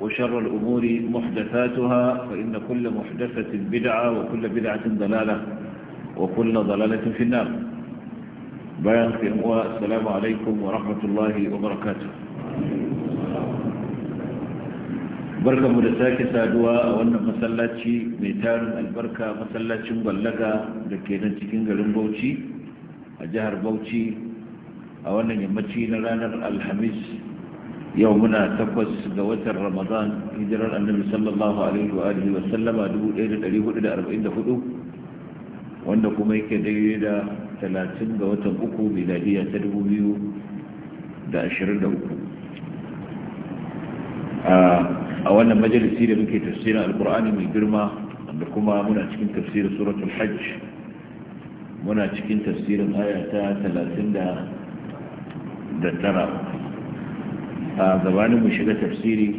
وشر الأمور محدثاتها فإن كل محدثة بدعة وكل بدعة ضلالة وكل ضلالة في النار بيان في أمواء السلام عليكم ورحمة الله وبركاته بركة مدساك سادوا وأن مسلاتي ميتان البركة مسلاتي مبلغة لكي ننتكين قلن بوتي أجهر بوتي أولا يمتين لنا الحميس yau muna takwas ga watan ramadan hijirar annabi sallallahu alaihi wa alihi wa sallama 1444 wanda kuma yake daidai da 30 ga watan uku miladiya ta 2023 a wannan majalisi da muke tafsirin alkur'ani mai girma da kuma muna cikin tafsirin suratul hajj muna cikin tafsirin aya ta 39 a gabanin mu shiga tafsiri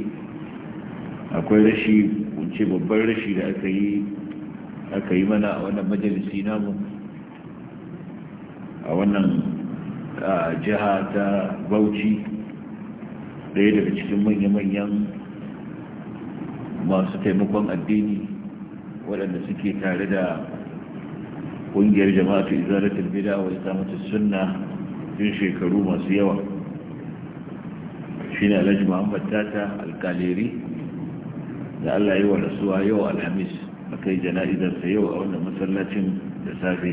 akwai rashi ce babban rashi da aka yi aka yi mana a wannan majalisi namu a wannan jiha ta bauchi daya daga cikin manya-manyan masu taimakon addini waɗanda suke tare da ƙungiyar jama'a ta izarar bida wa isamatu sunna yin shekaru masu yawa shi ne alhaji muhammad tata alkaliri da allah yi wa rasuwa yau alhamis a kai jana'izarsa yau a wannan masallacin da safe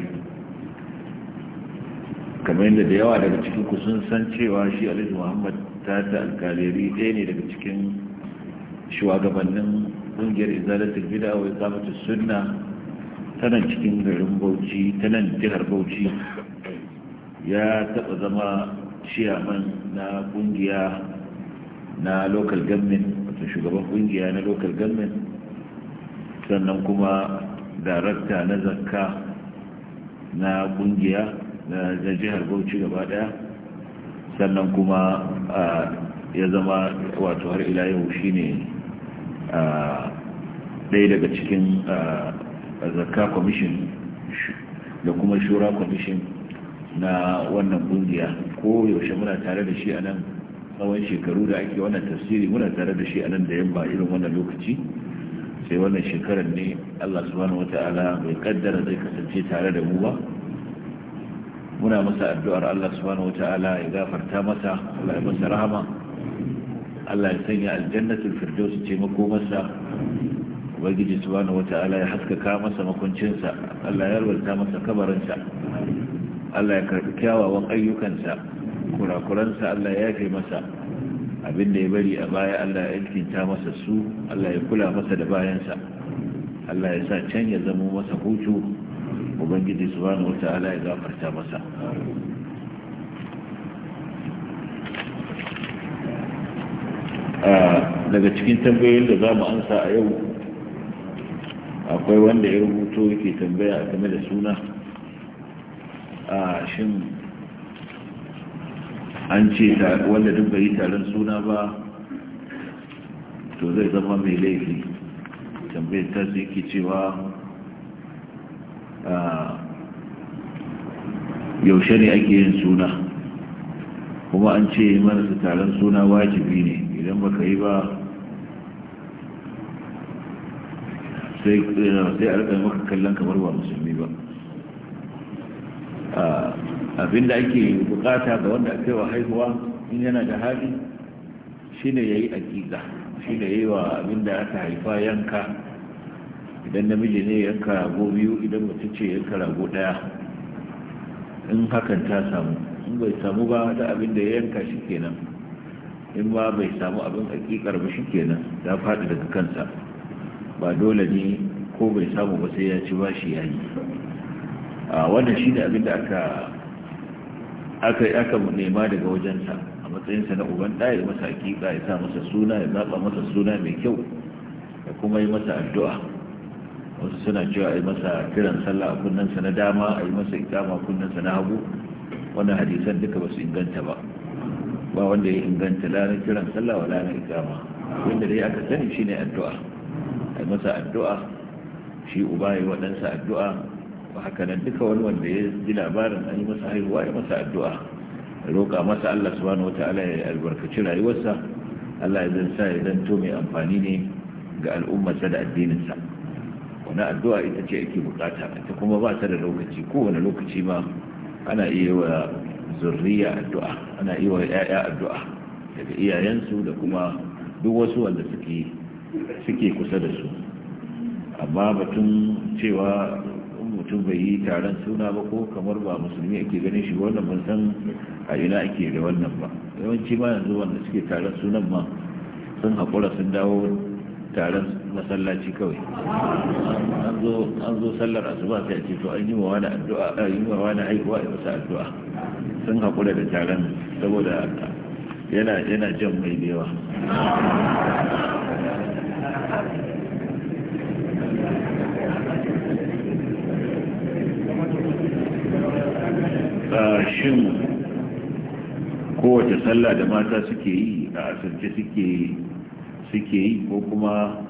kamar yadda da yawa daga cikin ku sun san cewa shi alhaji muhammad tata alkaliri ɗaya ne daga cikin shugabannin ƙungiyar izalatul bida wa izalatul sunna tana cikin garin bauchi nan jihar bauchi ya taɓa zama ciyaman na ƙungiya na local government wato shugaban kungiya na local government sannan kuma darakta na zakka na kungiya na jihar bauchi gaba daya sannan kuma ya zama wato har ila yau shine ɗaya daga cikin zakka commission da kuma shura commission na wannan kungiya ko yaushe muna tare da shi a nan tsawon shekaru da ake wannan tafsiri muna tare da shi a nan da yamma irin wannan lokaci sai wannan shekarar ne Allah subhanahu wata'ala bai kaddara zai kasance tare da mu ba muna masa addu'ar Allah subhanahu wata'ala ya gafarta masa Allah ya masa rahama Allah ya sanya aljannatul firdaus ce makomarsa ubangiji subhanahu wata'ala ya haskaka masa makuncinsa Allah ya yarwata masa kabarinsa Allah ya karbi kyawawan ayyukansa kurakuransa Allah ya fi masa abinda ya bari a baya Allah ya kinta masa su Allah ya kula masa da bayansa Allah ya sa can ya zama masa hutu ubangiji subhanahu wata'ala ya gafarta masa ah, daga cikin tambayoyin da za mu ansa a yau akwai wanda ya rubuto yake tambaya game da suna a ah, shin an ce wanda duk bai yi taron suna ba to zai zama mai laifi tambayar ta su yake cewa ah, yaushe ne ake yin suna kuma an ce marasa taron suna wajibi ne idan baka yi ba sai eh, a rikon maka kallon kamar ba musulmi ba ah, Abin da ake bukata ga wanda ake wa haihuwa in yana da hali shi ne ya yi aƙiƙa shi ne ya yi wa abin da aka haifa yanka idan namiji ne yanka rago biyu idan mace ce yanka rago ɗaya in hakan ta samu in bai samu ba da ya yanka shi kenan in ba bai samu abin aƙiƙar ba shi kenan ya faɗi daga kansa ba dole ne ko bai samu ba sai ya ci ba shi ya yi wannan shi ne da aka aka aka nema daga wajensa a matsayinsa na uban ɗaya ya masa hakika ya sa masa suna ya zaɓa masa suna mai kyau ya kuma yi masa addu'a wasu suna cewa a yi masa kiran sallah a kunnensa na dama a yi masa ikama kunnensa na hagu wannan hadisan duka ba su inganta ba ba wanda ya inganta lanar kiran sallah wa lanar ikama wanda dai aka sani shine addu'a a yi masa addu'a shi uba ya waɗansa addu'a ba haka nan duka wani wanda ya ji labarin an yi masa haihuwa ya masa addu'a roƙa masa Allah subhanahu wata'ala ya albarkaci rayuwarsa Allah ya zan sa ya zanto mai amfani ne ga al'ummarsa da addininsa wani addu'a ita ce ake bukata ita kuma ba ta da lokaci kowane lokaci ma ana iya wa zurriya addu'a ana iya wa ‘ya'ya addu'a daga iyayensu da kuma duk wasu wanda suke kusa da su amma batun cewa mutum bai yi taron suna ba ko kamar ba musulmi ake ganin shi wannan ban san a ina ake da wannan ba yawanci ma yanzu wanda suke taron sunan ma sun haƙura sun dawo taron masallaci kawai an zo sallar asuba sai a ce to an yi wa wani addu'a an yi wa wani haihuwa a masa addu'a sun haƙura da taron saboda yana jan mai da yawa shin kowace sallah da mata suke yi a asirce suke yi ko kuma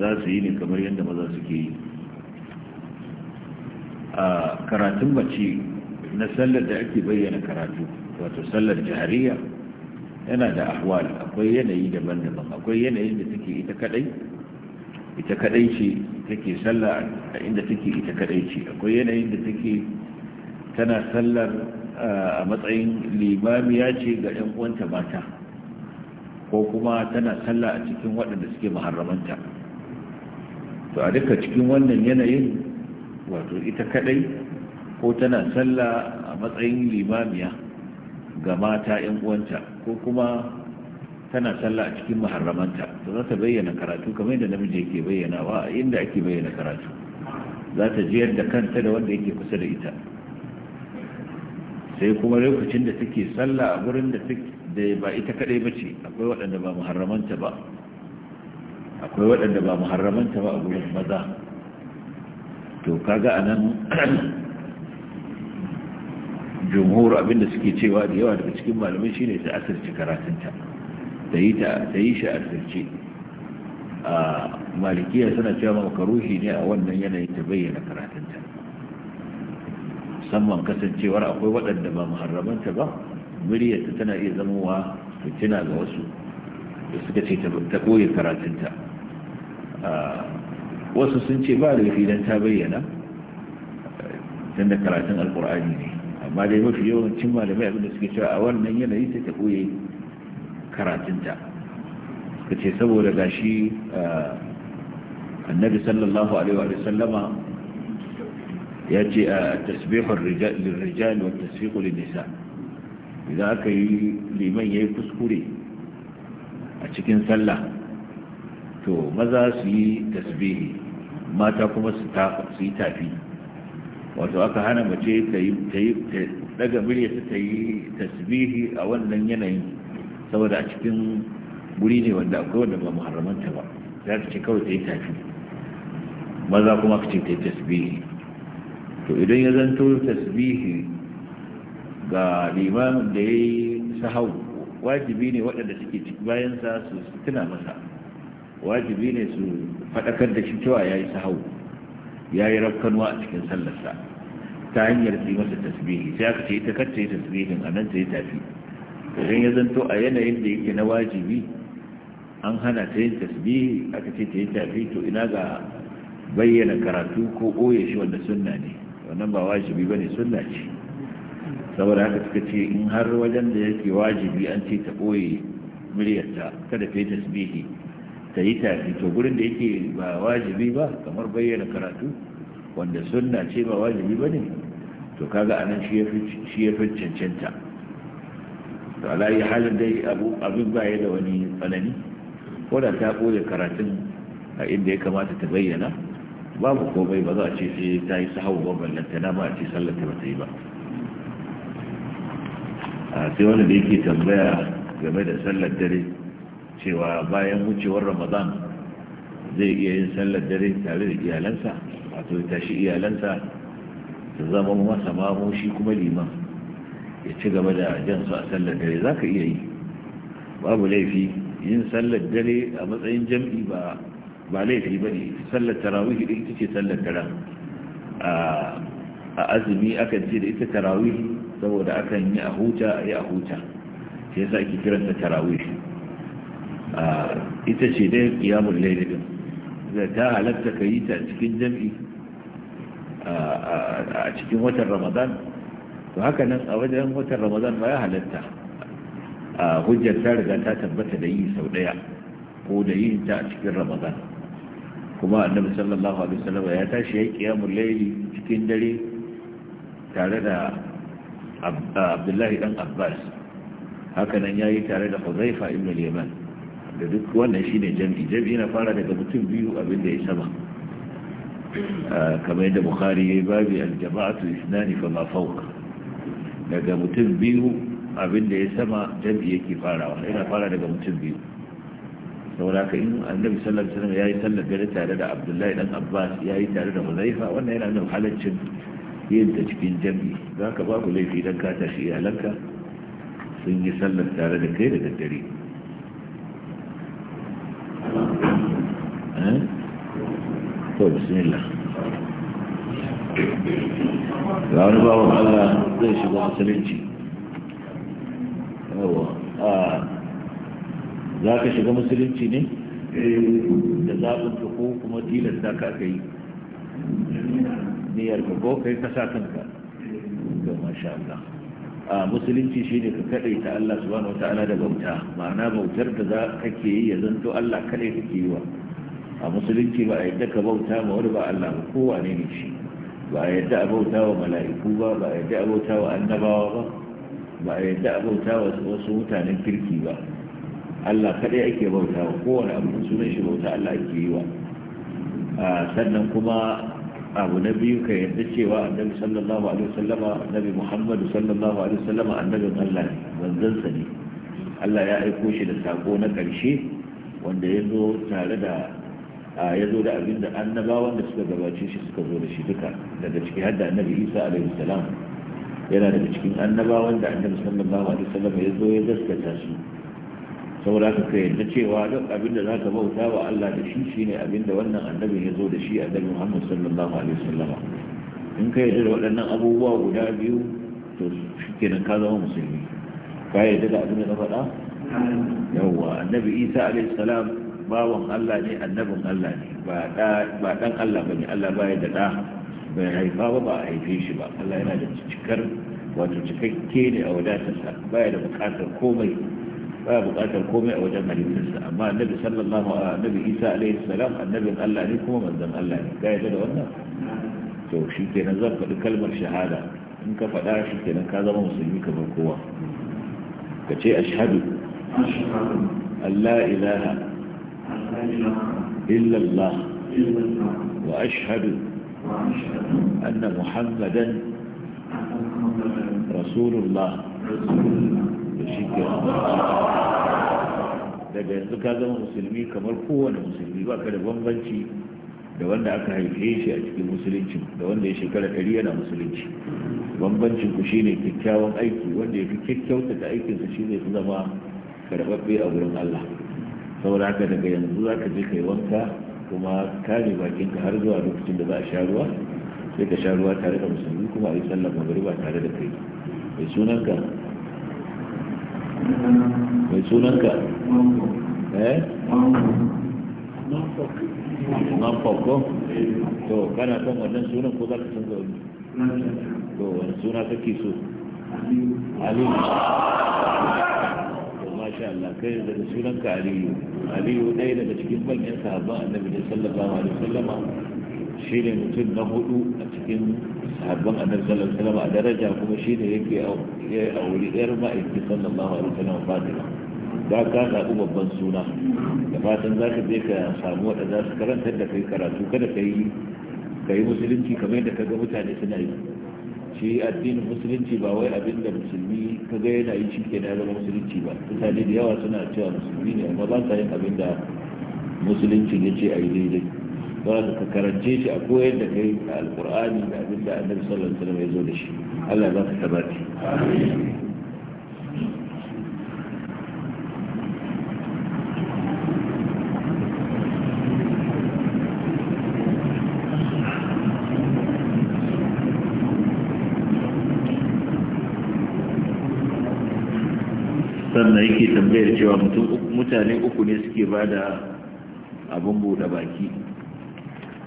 za su yi ne kamar yadda maza suke yi a karatun mace na sallar da ake bayyana karatu wato sallar jihariya yana da ahwal akwai yanayi daban-daban akwai yanayin da take ita kadai ita kadai ce take sallah a inda take ita kadai ce akwai yanayin da take tana sallar a matsayin limamiya ce ga 'yan uwanta mata ko kuma tana sallah a cikin waɗanda suke maharramanta to a duka cikin wannan yanayin wato ita kadai ko tana sallah a matsayin limamiya ga mata 'yan uwanta ko kuma tana sallah a cikin maharramanta to za ta bayyana karatu kamar yadda namiji yake bayyanawa inda ake bayyana karatu za ta jiyar da kanta da wanda yake kusa da ita sai kuma lokacin da suke sallah a gurin da ba ita kadai ba ce akwai waɗanda ba muharramanta ba akwai waɗanda ba muharramanta ba a gurin maza to kaga a nan jumhur abinda suke cewa da yawa daga cikin malamai ne ta asirci karatunta ta yi ta yi shi asirce a malikiya suna cewa makaruhi ne a wannan yanayin ta bayyana karatun musamman kasancewar akwai waɗanda ba muharramanta ba muryarta tana iya zamowa fitina ga wasu da suka ce ta ɓoye karatunta wasu sun ce ba laifi don ta bayyana tun da karatun alkur'ani ne amma dai mafi yawancin malamai abinda suke cewa a wannan yanayi sai ta ɓoye karatunta suka ce saboda gashi annabi sallallahu alaihi wa sallama ya ce a tasbihun rijal wa tasbihun nisa idan aka yi liman ya yi kuskure a cikin sallah to maza su yi tasbihi mata kuma su yi tafi wato aka hana mace ta yi daga miliyarsa ta yi tasbihi a wannan yanayin saboda a cikin guri ne wanda akwai wanda ba muharramanta ba za ka ce kawai ta yi tafi maza kuma ka ce ta yi tasbihi to idan ya zanto tasbihi ga limamin da ya yi sahau wajibi ne waɗanda suke bayansa su tuna masa wajibi ne su faɗakar da shi cewa ya yi sahau ya yi rafkanuwa a cikin sallarsa ta hanyar yi masa tasbihi sai aka ce ita kacce yi tasbihin a nan ta yi tafi idan ya zanto a yanayin da yake na wajibi an hana ta yin tasbihi aka ce ta yi tafi to ina ga bayyana karatu ko ɓoye shi wanda sunna ne wannan ba wajibi ba ne sunna ce saboda haka suka ce in har wajen da yake wajibi an ce ta ɓoye muryarta kada ta yi tasbihi ta yi tafi to gurin da yake ba wajibi ba kamar bayyana karatu wanda sunna ce ba wajibi ba ne to kaga anan shi ya fi cancanta to alayi halin dai abin ya da wani tsanani ko da ta ɓoye karatun a inda ya kamata ta bayyana babu komai ba za a ce sai ta yi sahau ba ballanta na ba a ce sallar ta yi ba a sai wanda da yake tambaya game da sallar dare cewa bayan wucewar ramadan zai iya yin sallar dare tare da iyalansa wato ya tashi iyalansa su zama masa mamu shi kuma liman ya ci gaba da jan su a sallar dare za ka iya yi babu laifi yin sallar dare a matsayin jam'i ba ba laifi ba ne sallar tarawih ita ce sallar daren a azumi akan ce da ita tarawih saboda akan yi a huta a yi a huta shi yasa ake kiranta tarawih ita ce dai kiyamun lailin da ta halatta ka yi ta cikin jam'i a cikin watan ramadan to haka nan a wajen watan ramadan ba ya halatta hujjar ta riga ta tabbata da yi sau daya ko da yin ta a cikin ramadan kuma annabi sallallahu alaihi wasallam ya tashi yayi qiyamul layli cikin dare tare da Abdullahi dan Abbas hakanan yayi tare da Huzaifa ibn al-Yaman da duk wannan shine jami'i jami'i na fara daga mutum biyu abinda ya saba kamar yadda Bukhari yayi babi al-jama'atu ithnani fama fawqa daga mutum biyu abinda ya sama jami'i yake farawa yana fara daga mutum biyu saboda ka in annabi sallallahu alaihi wasallam yayi sallar gare tare da abdullahi dan abbas yayi tare da muzaifa wannan yana nuna halaccin yin ta cikin jami zaka ba ku laifi dan ka tashi iyalanka sun yi sallar tare da kai da daddare to bismillah ga ba wa allah zai shiga musulunci yawa za ka shiga musulunci ne eh. da zaɓin ka ko kuma tilasta ka aka yi niyyar ka ko kai ka sa kanka ga masha Allah a musulunci shi ne ka kadai ta Allah subhanahu wataala da bauta ma'ana bautar da za ka ke yi ya zanto Allah kadai kake yi wa a musulunci ba a yadda ka bauta ma wani ba Allah ba kowa ne ne shi ba a yadda a bauta wa mala'iku ba ba a yadda a bauta wa annabawa ba ba a yadda a bauta wa wasu mutanen kirki ba Allah kadai ake bauta wa kowane abu sunan shi bauta Allah ake yi wa sannan kuma abu na biyu ka yarda cewa annabi sallallahu alaihi wasallama annabi Muhammad sallallahu alaihi wasallama annabin Allah ne manzansa ne Allah ya aiko shi da sako na karshe wanda ya zo tare da ya zo da abin da annabawan da suka gabace shi suka zo da shi duka daga ciki har da annabi Isa alaihi salam yana daga cikin annabawan da annabi sallallahu alaihi wasallam ya zo ya gaskata su saboda haka ka yadda cewa duk abin da zaka bauta wa Allah da shi shine abin da wannan annabi ya zo da shi annabi Muhammad sallallahu alaihi wasallam in ka yadda da waɗannan abubuwa guda biyu to shikenan ka zama musulmi ka yadda da abin da faɗa yawwa annabi Isa alaihi salam bawan Allah ne annabin Allah ne ba dan Allah bane Allah baya da da bai haifa ba ba haife shi ba Allah yana da cikar wato cikakke ne a wadatarsa baya da bukatar komai باب قاعدة القومة وجمع الإنساء أما النبي صلى الله عليه وسلم النبي إيسا عليه السلام النبي قال الله عليكم ومن دم الله عليكم كيف يدعو أنه؟ شو شيتي نظر فالكلمة الشهادة إنك فلا شيتي نكاذا ومسلمك من قوة كشي أشهد أن لا إله إلا الله وأشهد أن محمدا رسول الله da shi ke daga yanzu ka zama musulmi kamar kowane musulmi ba ka da bambanci da wanda aka haife shi a cikin musulunci da wanda ya shekara ɗari yana musulunci bambancin ku shine kyakkyawan aiki wanda ya fi kyakkyauta da aikinsa shi ne su zama karɓaɓɓe a wurin Allah saboda haka daga yanzu za ka je kai wanka kuma kare bakinka har zuwa lokacin da za a sha ruwa sai ka sha ruwa tare da musulmi kuma a yi sallar magariba tare da kai mai sunanka mai sunanka eh nan fako to kana son wannan sunan ko za ka canza wani to wani suna kake so aliyu to masha Allah kai daga sunanka aliyu aliyu ɗaya daga cikin manyan sahabban annabi sallallahu alaihi wasallama shi ne mutum na hudu a cikin sahabban annabi sallallahu alaihi wasallam a daraja kuma shi ne yake a wuri yar ma'aiki sallallahu alaihi wasallam fatima ba ka zaɓi babban suna da fatan za ka je ka samu wanda za su karanta da kai karatu kada ka yi ka yi musulunci kamar yadda ka ga mutane suna yi shi addinin musulunci ba wai abin da musulmi ka ga yana yi shi ke na zama musulunci ba mutane da yawa suna cewa musulmi ne amma ba sa yin abin da musulunci ya ce a yi daidai don ka karance shi a koyar da kai a alkur'ani da abin da annabi sallallahu alaihi wasallam ya zo da shi Allah za ka tabati sannan yake tambayar cewa mutane uku ne suke ba da abin buɗe baki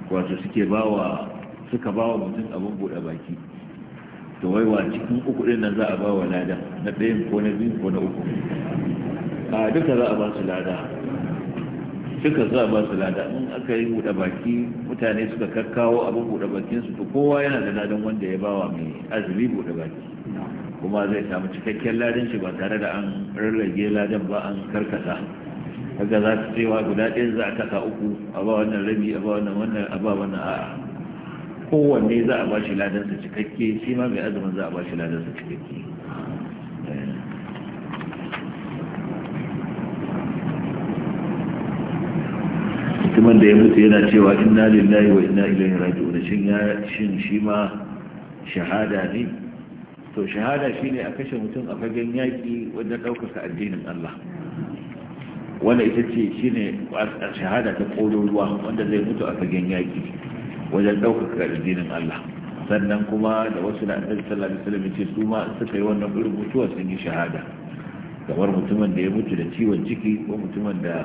wato suke bawa suka bawa mutum abin buɗe baki to wai wa cikin uku ɗin nan za a bawa lada na ɗayan ko na biyu ko na uku a duka za a ba su lada duka za a ba su lada in aka yi buɗe baki mutane suka kakkawo abin buɗe bakin su to kowa yana da ladan wanda ya bawa mai azumi buɗe baki kuma zai samu cikakken ladan shi ba tare da an rarrage ladan ba an karkasa kaga za su cewa guda ɗaya za a kasa uku a ba wannan rabi a ba wannan wannan a ba wannan a kowanne za a ba shi ladansa cikakke shi ma mai azumin za a ba shi ladansa cikakke eh. mutumin da ya mutu yana cewa inna lillahi wa inna ilaihi raji'un shin ya shin shi ma shahada ne to shahada shine a kashe mutum a fagen yaki wanda daukaka addinin Allah wanda ita ce shi ne a shahada ta ruwa wanda zai mutu a fagen yaƙi wajen ɗaukaka addinin Allah sannan kuma da wasu da annabi sallallahu alaihi ce su ma suka yi wannan irin mutuwa sun yi shahada kamar mutumin da ya mutu da ciwon ciki ko mutumin da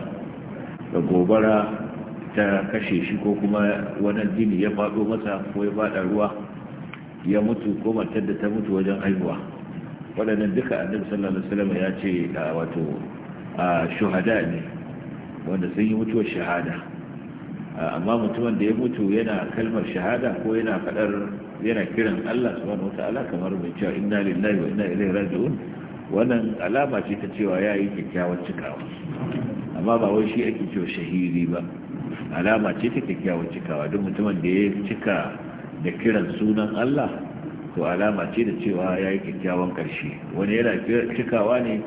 da gobara ta kashe shi ko kuma wani jini ya faɗo masa ko ya faɗa ruwa ya mutu ko matar da ta mutu wajen haihuwa waɗannan duka annabi sallallahu alaihi wasallam ya ce ah, wato A shuhada ne wanda sun yi mutuwar shahada amma mutumin da ya mutu yana kalmar shahada ko yana fadar yana kiran Allah subhanahu wataala kamar mai cewa inna lillahi wa inna ilaihi raji'un wannan alama ce ta cewa ya yi kyakkyawar cikawa amma ba wai shi ake cewa shahiri ba alama ce ta kyakkyawar cikawa duk mutumin da ya cika da kiran sunan Allah to alama ce da cewa ya yi kyakkyawan ƙarshe wani yana cikawa ne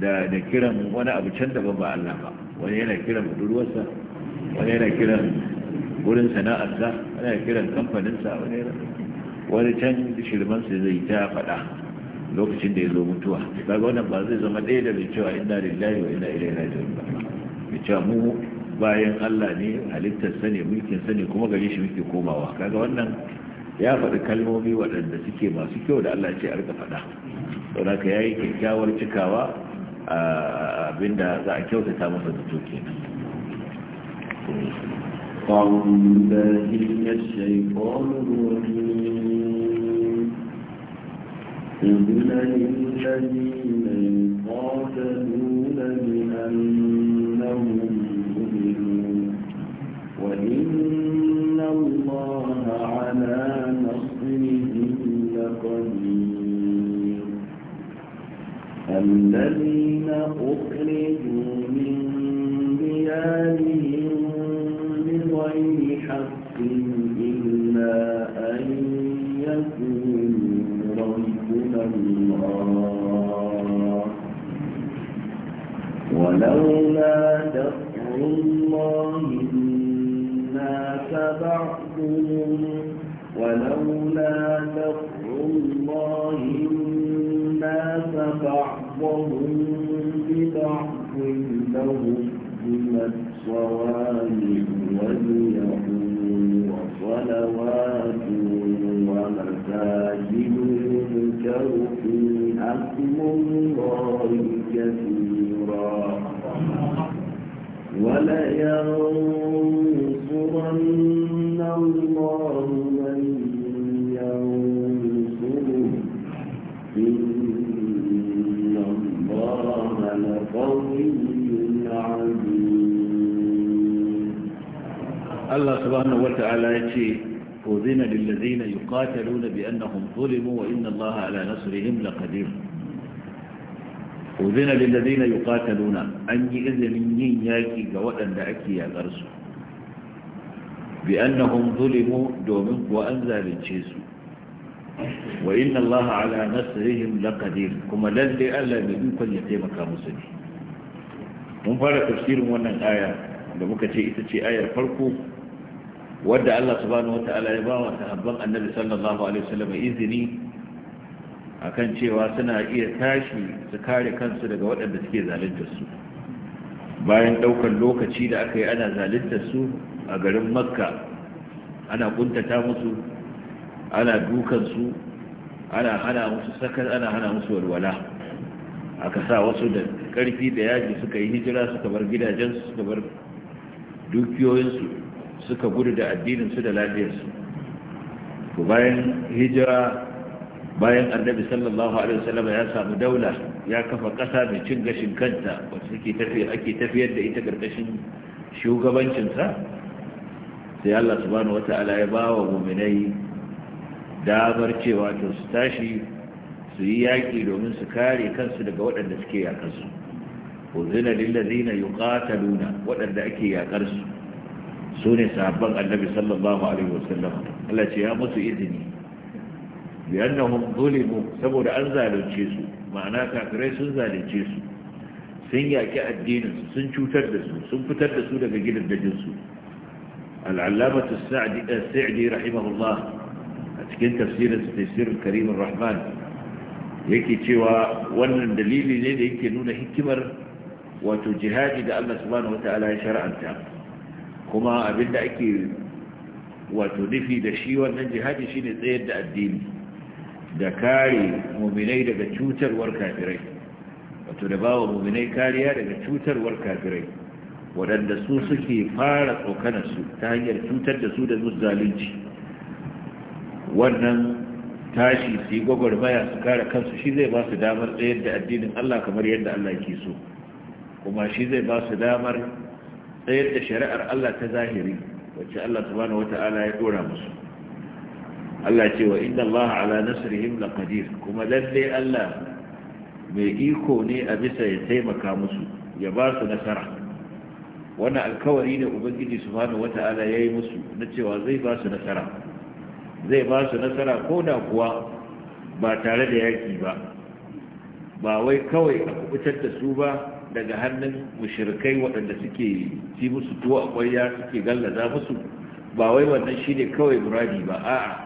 da da kiran wani abu can da babba Allah ba wani yana kiran budurwarsa wani yana kiran wurin sana'arsa wani yana kiran kamfaninsa wani yana wani can shirmansa zai ta faɗa lokacin da ya zo mutuwa kaga wannan ba zai zama ɗaya da mai cewa inna lillahi wa inna ilaihi raji'un ba mai cewa mu bayan Allah ne halittarsa ne mulkinsa ne kuma gare shi muke komawa kaga wannan ya faɗi kalmomi waɗanda suke masu kyau da Allah ce a rika faɗa haka ka yayi kyakkyawar cikawa abinda za a kyautata masa da tuke من قاتلون من والذين أخرجوا من ولينصرن الله من ينصره إن الله لقوي عزيز الله سبحانه وتعالى يتي أذن للذين يقاتلون بأنهم ظلموا وإن الله على نصرهم لقدير uzina lillazina nuna, an yi izinin yin yaƙi ga waɗanda ake yakar su bi annahum zulimu domin kuwa an zalunce su wa inna allaha ala nasrihim laqadir kuma lalle Allah mai ikon ya taimaka musu ne mun fara tafsirin wannan aya da muka ce ita ce ayar farko wadda Allah subhanahu ta'ala ya ba wa sahabban annabi sallallahu alaihi wasallam izini akan cewa suna iya tashi su kare kansu daga waɗanda suke zaluntar su bayan ɗaukar lokaci da aka yi ana zaluntar su a garin makka ana kuntata musu ana dukan ana hana musu sakar ana hana musu walwala aka sa wasu da ƙarfi da yaji suka yi hijira suka bar gidajensu suka bar dukiyoyinsu suka gudu da addininsu da lafiyarsu bayan hijira bayan annabi sallallahu alaihi wasallam ya samu daula ya kafa ƙasa mai cin gashin kanta wacce take tafiya ake tafiyar da ita karkashin shugabancinsa sai Allah subhanahu wata'ala ya ba wa muminai damar cewa to su tashi su yi yaƙi domin su kare kansu daga waɗanda suke yaƙar su uzina lillazina yuqataluna waɗanda ake yaƙar su su ne sahabban annabi sallallahu alaihi wasallam Allah ce ya musu izini biyannahum zulimu saboda an zalunce su ma'ana kafirai sun zalunce su sun yaki addinin sun cutar da su sun fitar da su daga gidaddajin su al rahimahullah a cikin tafsirin tafsir karim rahman yake cewa wannan dalili ne da yake nuna hikimar wato jihadi da Allah subhanahu Ta'ala ya shara'anta, kuma abinda ake wato nufi da shi wannan jihadi shine tsayar da addini da kare muminai daga cutarwar kafirai wato da bawa muminai kariya daga cutarwar kafirai waɗanda su suke fara su ta hanyar cutar da su da zalunci wannan tashi su yi gwagwarmaya su kare kansu shi zai ba su damar tsayar da addinin Allah kamar yadda Allah ke so kuma shi zai ba su damar tsayar da shari'ar Allah ta zahiri wacce Allah subhanahu wata'ala ya dora musu Allah ce wa inna Allah ala nasrihim laqadir kuma lalle Allah mai iko ne a bisa ya taimaka musu ya ba su nasara wannan alkawari ne ubangiji subhanahu wata'ala yayi musu na cewa zai ba su nasara zai ba su nasara ko da kuwa ba tare da yaki ba ba wai kawai a kubutar da su ba daga hannun mushrikai waɗanda suke ci musu tuwo a ƙwarya suke gallaza musu ba wai wannan shine kawai muradi ba a'a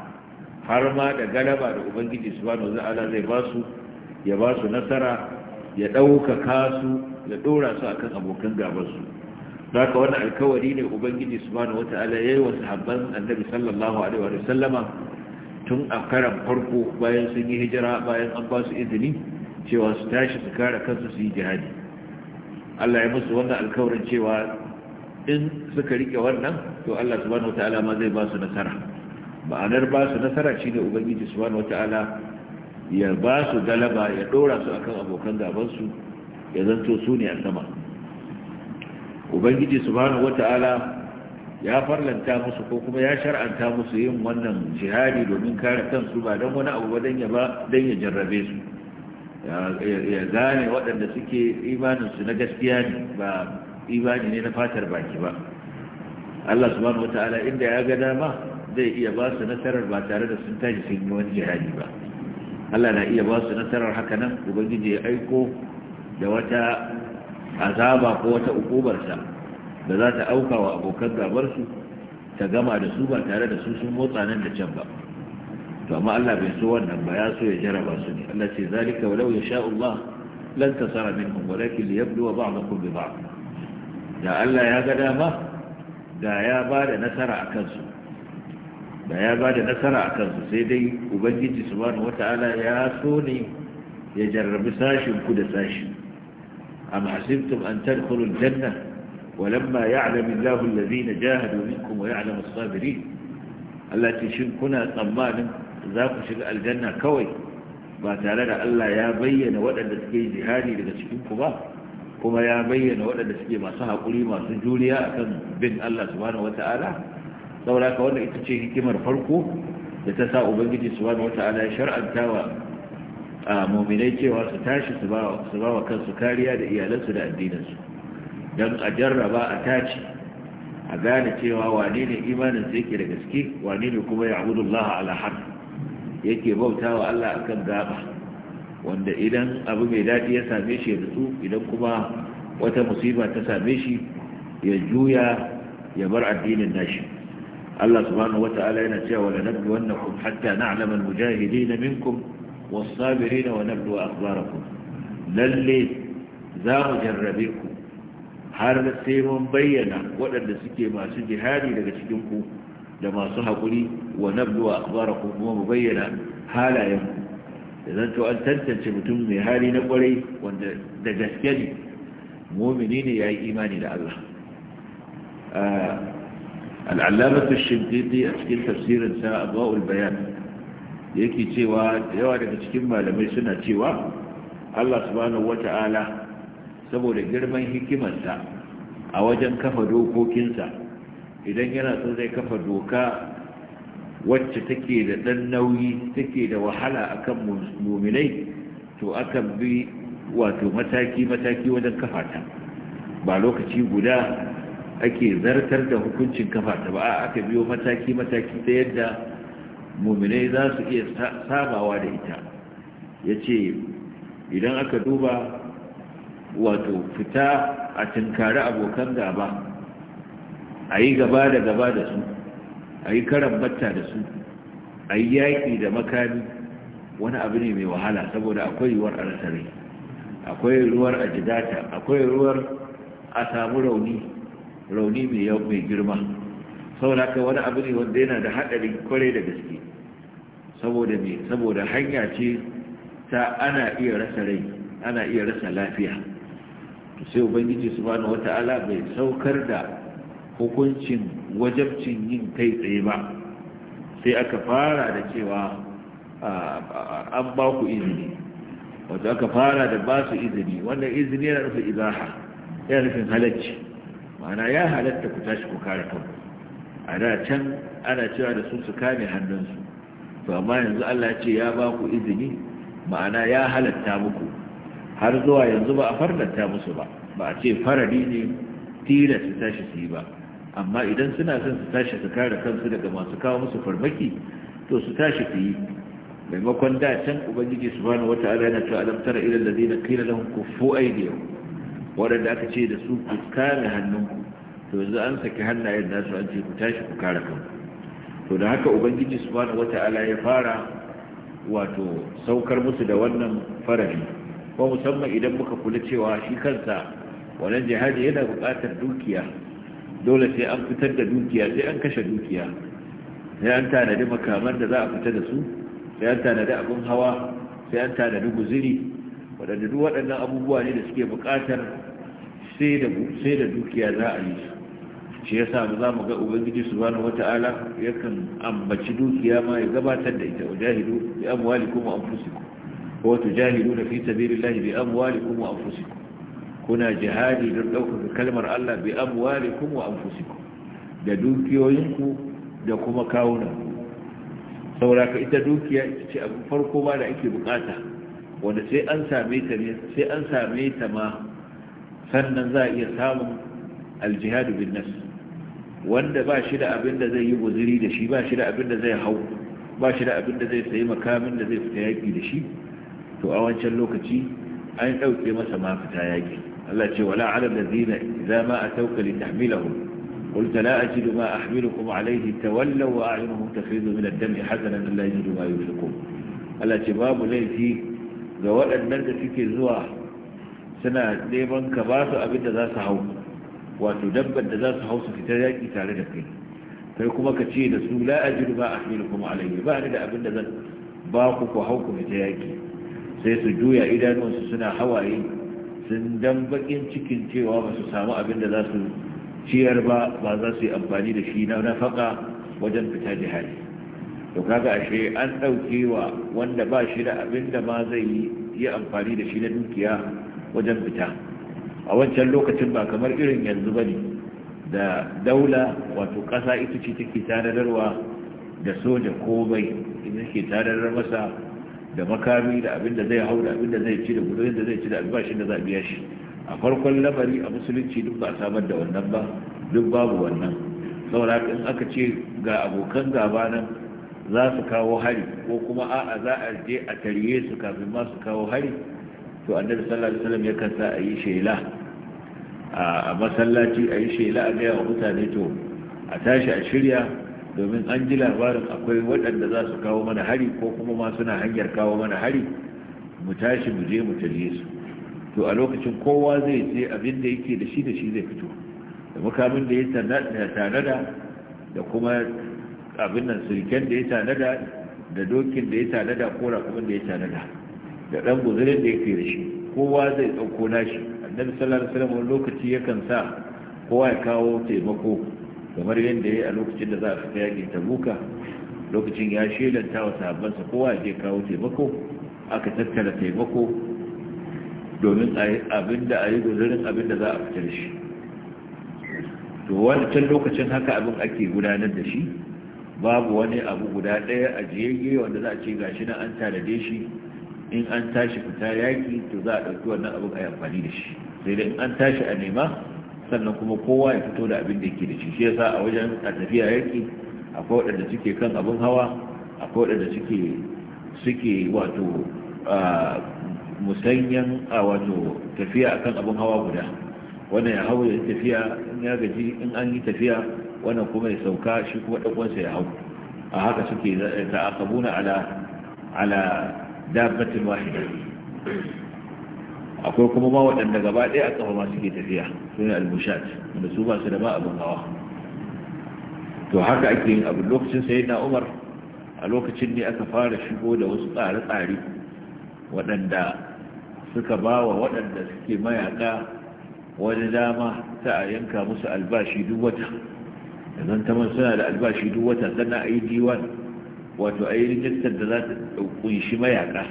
har ma da galaba da ubangiji su subhanahu wa ta'ala zai ba su ya ba su nasara ya ɗaukaka su ya ɗora su akan abokan gaban su ka wani alkawari ne ubangiji subhanahu wa ta'ala ya yi wa sahabban annabi sallallahu alaihi wa sallama tun a karan farko bayan sun yi hijira bayan an ba su izini cewa su tashi su kare kansu su yi jihadi Allah ya musu wannan alkawarin cewa in suka rike wannan to Allah subhanahu wa ta'ala ma zai ba su nasara ma'anar ba su nasara shi ne ubangiji subhanahu wata'ala ya ba su galaba ya dora su akan abokan gabansu ya zanto su ne a sama ubangiji subhanahu wata'ala ya farlanta musu ko kuma ya shar'anta musu yin wannan jihadi domin kare kansu ba don wani abu don ya ba don ya jarrabe su ya gane waɗanda suke imaninsu na gaskiya ne ba imani ne na fatar baki ba Allah subhanahu wata'ala inda ya ga dama zai iya ba su nasarar ba tare da sun tashi sun yi wani jihadi ba Allah na iya ba su nasarar haka nan ubangiji ya aiko da wata azaba ko wata ukubarsa da za ta auka wa abokan gabarsu ta gama da su ba tare da su sun motsa nan da can ba to amma Allah bai so wannan ba ya so ya jaraba su ne Allah ce zalika walau ya sha Allah lan tasara minhum walakin liyabluwa ba'dakum bi ba'd da Allah ya ga dama da ya ba da nasara a kansu da ya ba da nasara a kansu sai dai ubangiji subhanahu wata'ala ya so ne ya jarrabi sashin ku da sashi am hasibtum an tadkhulu Janna, walamma ya'lamu Allahu alladhina jahadu domin kuma ya as-sabirin Allah ce shin kuna tsammanin za ku shiga aljanna kawai ba tare da Allah ya bayyana waɗanda suke jihadi daga cikin ku ba kuma ya bayyana waɗanda suke masu haƙuri masu juriya akan bin Allah subhanahu wata'ala saboda ka wannan ita ce hikimar farko da ta sa ubangiji subhanahu wata'ala shar'anta wa a muminai cewa su tashi su ba wa kansu kariya da iyalansu da addinansu don a jarraba a tace a gane cewa wane ne imanin su yake da gaske wane ne kuma ya abudu Allah yake bauta wa Allah akan gaba wanda idan abu mai daɗi ya same shi ya nutsu idan kuma wata musiba ta same shi ya juya ya bar addinin nashi Allah subhanahu wata'ala yana cewa la nabdu na hatta na'lama al na minkum was na wa nabdu akhbarakum lalle za mu jarrabe ku har sai mun bayyana waɗanda suke masu jihadi daga cikin ku da masu haƙuri wa nabdu akhbarakum kuma mu bayyana halayenku da zan to an tantance mutum mai hali na kwarai wanda da gaske ne mumini ne ya yi imani da Allah ah, al'allamatu shimfiti a cikin tafsirin sa abuwa'ul bayan yake cewa yawa daga cikin malamai suna cewa allah subhanahu wata'ala saboda girman hikimarsa a wajen kafa dokokinsa idan yana so zai kafa doka wacce take da ɗan nauyi take da wahala akan muminai to akan bi wato mataki-mataki wajen kafa ta ba lokaci guda ake zartar da hukuncin kafa ta ba aka biyo mataki mataki ta yadda muminai za su iya sabawa da ita ya ce idan aka duba wato fita a tunkari abokan gaba a yi gaba da gaba da su a yi karan batta da su a yi yaƙi da makami wani abu ne mai wahala saboda akwai yiwuwar alasari akwai ruwar ajidata akwai ruwar a samu rauni rauni mai yau mai girma saboda wani abu ne wanda yana da haɗarin kwarai da gaske saboda mai saboda hanya ce ta ana iya rasa rai ana iya rasa lafiya sai ubangiji su wata wata'ala bai saukar da hukuncin wajabcin yin kai tsaye ba sai aka fara da cewa an ba ku izini wato aka fara da ba su izini wannan izini yana nufin ibaha yana nufin halacci ma'ana ya halatta ku tashi ku kare kanku a da can ana cewa da su su kame hannunsu to amma yanzu Allah ya ce ya ba ku izini ma'ana ya halatta muku har zuwa yanzu ba a farlanta musu ba ba a ce farari ne tira su tashi su yi ba amma idan suna son su tashi su kare kansu daga masu kawo musu farmaki to su tashi su yi maimakon da can ubangiji subhanahu wata'ala yana idan alam tara ila da qila lahum da aydiyahum waɗanda aka ce da su ku kare hannunku to yanzu an saki hannayen nasu an ce ku tashi ku kare kanku to da haka ubangiji subhanahu ala ya fara wato saukar musu da wannan farari ko musamman idan muka kula cewa shi kansa wannan jihadi yana buƙatar dukiya dole sai an fitar da dukiya sai an kashe dukiya sai an tanadi makaman da za a fita da su sai an tanadi abin hawa sai an tanadi guziri waɗanda duk waɗannan abubuwa ne da suke buƙatar sai da dukiya za a yi shi ya sa za mu ga ubangiji subhanahu wata'ala yakan ambaci dukiya ma ya gabatar da ita wajahidu bi amwalikum wa anfusikum wa tujahiduna fi sabilillahi bi amwalikum wa anfusikum kuna jihadi don ɗaukaka kalmar Allah bi amwalikum wa anfusikum da dukiyoyinku da kuma kawunan ka ita dukiya ita ce abin farko ma da ake buƙata. wanda sai an same ta ne sai an same ta ma sannan za a iya samun aljihadu bin nas wanda ba shi da abin da zai yi guziri da shi ba shi da abin da zai hau ba shi da abin da zai sayi makamin da zai fita yaƙi da shi to a wancan lokaci an ɗauke masa ma fita yaƙi Allah ce wala ala allazina idza ma atawka litahmilahum قلت لا أجد ما أحملكم عليه تولوا وأعينهم تفيض من الدم حسنا لا يجد ما ينفقون الاتباب ليتي ga waɗannan da suke zuwa suna neman ka ba su abin da za su hau wato dabbar da za su hau su fitar yaƙi tare da kai kai kuma ka ce da su la ba a fili kuma alayhi ba ni da abin da zan ba ku ku hau ku fita yaƙi sai su juya idanuwansu suna hawaye sun dan bakin cikin cewa ba su samu abin da za su ciyar ba ba za su yi amfani da shi na nafaka wajen fita jihadi to kaga ashe an ɗauke wa wanda ba shi da abin da ma zai yi amfani da shi na dukiya wajen fita a wancan lokacin ba kamar irin yanzu ba ne da daula wato ƙasa ita ce take tanadarwa da soja komai ita ke tanadar masa da makami da abin da zai hau da abin da zai ci da gudun da zai ci da albashin da za a biya shi a farkon lamari a musulunci duk ba a samar da wannan ba duk babu wannan saboda in aka ce ga abokan gaba nan za su kawo hari ko kuma a'a za a je a tarye su kafin ma su kawo hari to annabi sallallahu alaihi wasallam yakan sa a yi shela a masallaci a yi shela a gaya wa mutane to a tashi a shirya domin an ji labarin akwai waɗanda za su kawo mana hari ko kuma ma suna hanyar kawo mana hari mu tashi mu je mu tarye su to a lokacin kowa zai je abin da yake da shi da shi zai fito da makamin da ya tanada da kuma abin nan sirken da ya tanada da dokin da ya tanada ko rakumin da ya tanada da ɗan guzurin da ya fi da shi kowa zai ɗauko nashi annabi sallallahu alaihi wasallam lokaci yakan sa kowa ya kawo taimako kamar yadda ya a lokacin da za a fita ta tabuka lokacin ya shelanta wa sahabbansa kowa ya je kawo taimako aka tattara taimako domin abinda a yi guzurin da za a fitar shi to wancan lokacin haka abin ake gudanar da shi babu wani abu guda ɗaya a jirage wanda za a ce gashi nan an tanade shi in an tashi fita yaki to za a ɗauki wannan abu a yi amfani da shi sai dai in an tashi a nema sannan kuma kowa ya fito da abin da yake da shi shi yasa a wajen a tafiya yaki akwai waɗanda suke kan abin hawa akwai waɗanda suke suke wato musanyen a wato tafiya akan abin hawa guda wannan ya hau ya tafiya in ya gaji in an yi tafiya wannan kuma ya sauka shi kuma ɗan'uwansa ya hau a haka suke ta'akabuna ala ala dabbatin wahida akwai kuma ma waɗanda gaba ɗaya a kafa ma suke tafiya su ne almushat wanda su ba su da ba abin hawa to haka ake yin abin lokacin sayi na umar a lokacin ne aka fara shigo da wasu tsare-tsare waɗanda suka ba wa waɗanda suke mayaka wani dama ta a yanka musu albashi duk wata zan ta suna da albashi duk wata sannan a yi diwan wato a yi rijistar da za ta kunshi mayaka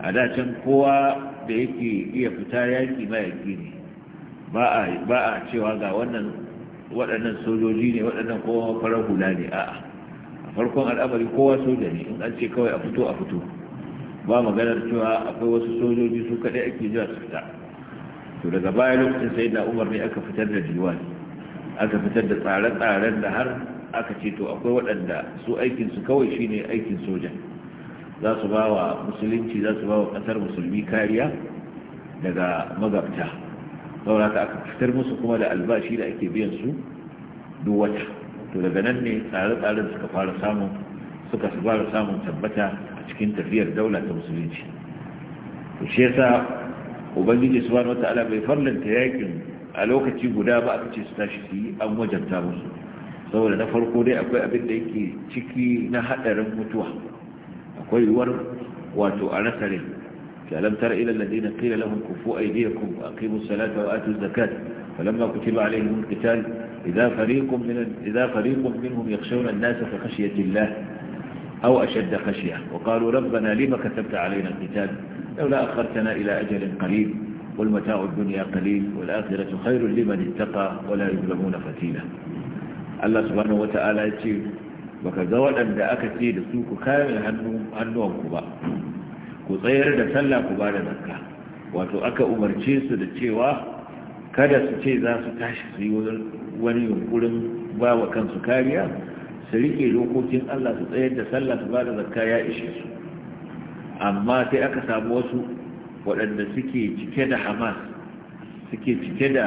a dacin kowa da yake iya fita yaki mayaki ne ba a cewa ga wannan waɗannan sojoji ne waɗannan kowa farar hula ne a'a a farkon al'amari kowa soja ne in an ce kawai a fito a fito ba maganar cewa akwai wasu sojoji su kaɗai ake zuwa su fita to daga baya lokacin sai da umar ne aka fitar da diwan. aka fitar da tsare-tsaren da har aka ce to akwai waɗanda su aikinsu kawai shine aikin soja za su ba wa musulunci za su ba wa ƙasar musulmi kariya daga magabta saboda ka aka fitar musu kuma da albashi da ake biyan su duk wata to daga nan ne tsare-tsaren suka fara samun suka fara samun tabbata a cikin tafiyar daula ta musulunci to ubangiji subhanahu wataala bai farlanta yakin a lokaci guda ba aka ce su tashi su yi an wajanta musu saboda na farko dai akwai abin da yake ciki na haɗarin mutuwa akwai yiwuwar wato a rasa rai alam tara ila alladhina qila lahum kufu aydiyakum wa aqimus salata wa atuz zakat falamma kutiba alayhim alqital idha fariqun min idha fariqun minhum yakhshawna an-nasa ka khashyati Allah aw ashadd khashya wa qalu rabbana lima katabta alayna alqital lawla akhartana ila ajalin qalil قل متاع الدنيا قليل والآخرة خير لمن اتقى ولا يظلمون فتيلا الله سبحانه وتعالى يقول وكذا وأن أكثي لسوك كامل هنوانكم ku tsayar da sallah ku ba da zakka wato aka umarce su da cewa kada su ce za su tashi su yi wani yunkurin ba wa kansu kariya su rike dokokin Allah su tsayar da sallah su ba da zakka ya ishe su amma sai aka samu wasu waɗanda suke cike da hamas suke cike da